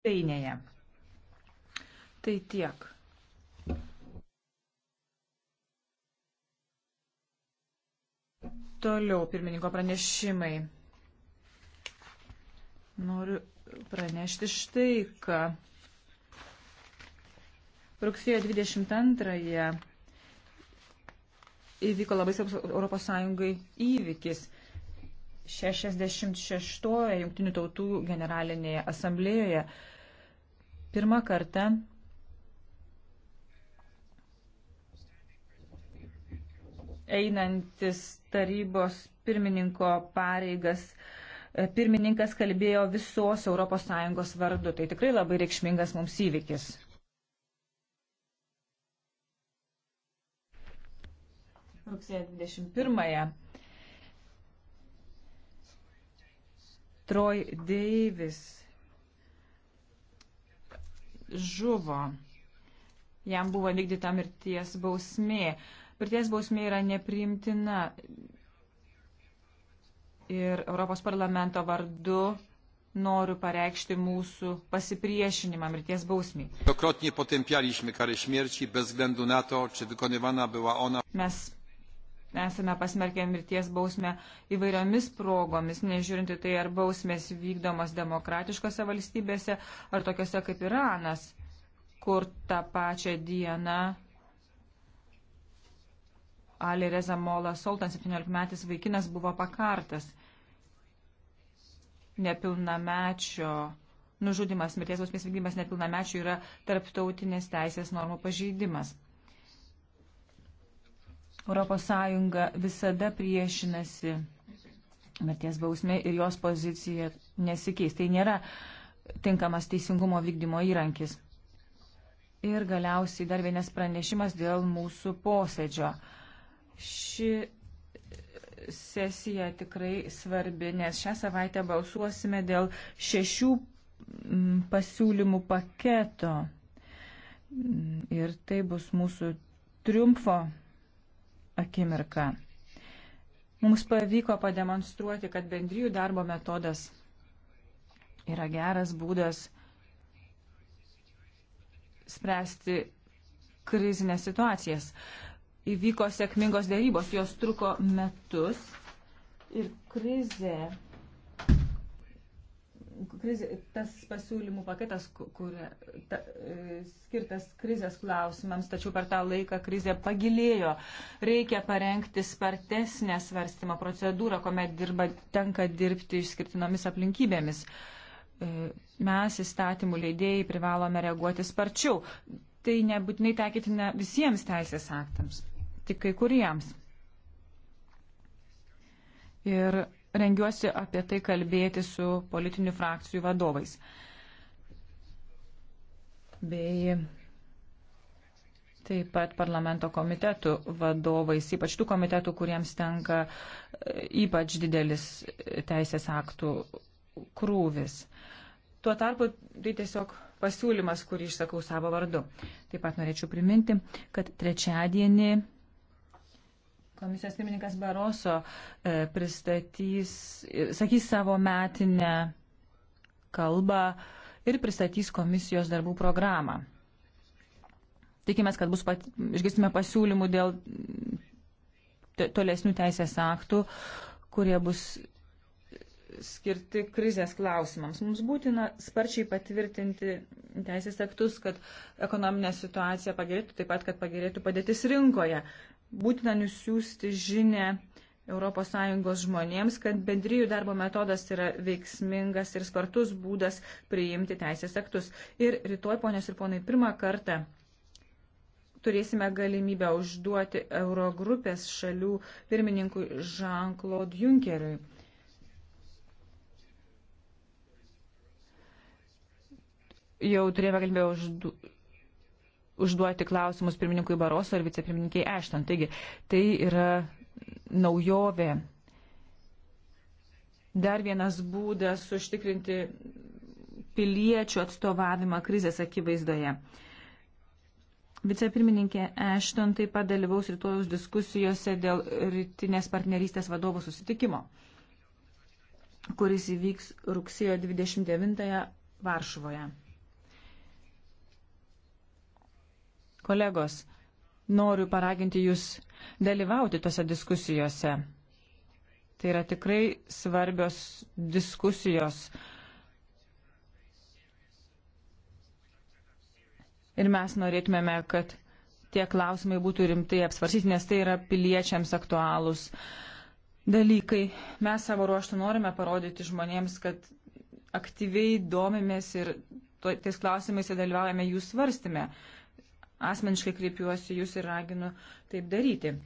svetainėje. Tai tiek. Toliau pirmininko pranešimai. Noriu pranešti štai, kad rugsėjo 22-ąją įvyko labai svarbus ES įvykis. 66-oje Junktinių tautų generalinėje asamblėjoje Pirmą kartą einantis tarybos pirmininko pareigas e, pirmininkas kalbėjo visos ES vardu. Tai tikrai labai reikšmingas mums įvykis. Rugsėjo 21-ąją Troy Davis žuvo. Jam buvo vykdyta mirties bausmė. Mirties bausmė yra nepriimtina. Ir Europos parlamento vardu noriu pareikšti mūsų pasipriešinimą mirties bausmiai. Mes esame pasmerkę mirties bausmę įvairiomis progomis, nežiūrinti tai, ar bausmės vykdomos demokratiškose valstybėse, ar tokiuose kaip Iranas, kur tą pačią dieną Ali Reza Mola Sultan, 17-metis vaikinas, buvo pakartas. Nepilnamečio nužudimas, mirties bausmės vykdymas nepilnamečių yra tarptautinės teisės normų pažeidimas. Europos Sąjunga visada priešinasi mirties bausmė ir jos pozicija nesikeis. Tai nėra tinkamas teisingumo vykdymo įrankis. Ir galiausiai dar vienas pranešimas dėl mūsų posėdžio. Ši sesija tikrai svarbi, nes šią savaitę balsuosime dėl šešių mm, pasiūlymų paketo. Ir tai bus mūsų triumfo akimirką. Mums pavyko pademonstruoti, kad bendrijų darbo metodas yra geras būdas spręsti krizinės situacijas. Įvyko sėkmingos dėrybos, jos truko metus ir krizė krizė, tas pasiūlymų paketas, kur ta, e, skirtas krizės klausimams, tačiau per tą laiką krizė pagilėjo. Reikia parengti spartesnę svarstymo procedūrą, kuomet dirba, tenka dirbti išskirtinomis aplinkybėmis. E, mes įstatymų leidėjai privalome reaguoti sparčiau. Tai nebūtinai taikytina visiems teisės aktams, tik kai kuriems. Ir rengiuosi apie tai kalbėti su politinių frakcijų vadovais. Bei taip pat parlamento komitetų vadovais, ypač tų komitetų, kuriems tenka e, ypač didelis e, teisės aktų krūvis. Tuo tarpu tai tiesiog pasiūlymas, kurį išsakau savo vardu. Taip pat norėčiau priminti, kad trečiadienį Komisijos pirmininkas Baroso e, pristatys, e, sakys savo metinę kalbą ir pristatys komisijos darbų programą. Tikimės, kad bus pat, išgirsime pasiūlymų dėl tolesnių teisės aktų, kurie bus skirti krizės klausimams. Mums būtina sparčiai patvirtinti teisės aktus, kad ekonominė situacija pagerėtų, taip pat, kad pagerėtų padėtis rinkoje. Būtina nusiųsti žinę ES žmonėms, kad bendryjų darbo metodas yra veiksmingas ir spartus būdas priimti teisės aktus. Ir rytoj, ponios ir ponai, pirmą kartą turėsime galimybę užduoti Eurogrupės šalių pirmininkui Jean-Claude Junkeriui jau turėjome galimybę uždu, užduoti klausimus pirmininkui Baroso ir vicepirmininkiai Ešton. Taigi, tai yra naujovė. Dar vienas būdas užtikrinti piliečių atstovavimą krizės akivaizdoje. Vicepirmininkė Ešton taip pat dalyvaus rytojus diskusijose dėl rytinės partnerystės vadovų susitikimo, kuris įvyks rugsėjo 29 Varšuvoje. Kolegos, noriu paraginti jūs dalyvauti tose diskusijose. Tai yra tikrai svarbios diskusijos. Ir mes norėtumėme, kad tie klausimai būtų rimtai apsvarsyti, nes tai yra piliečiams aktualūs dalykai. Mes savo ruoštų norime parodyti žmonėms, kad aktyviai domimės ir tais klausimais dalyvaujame jų svarstymę asmeniškai kreipiuosi jūs ir raginu taip daryti.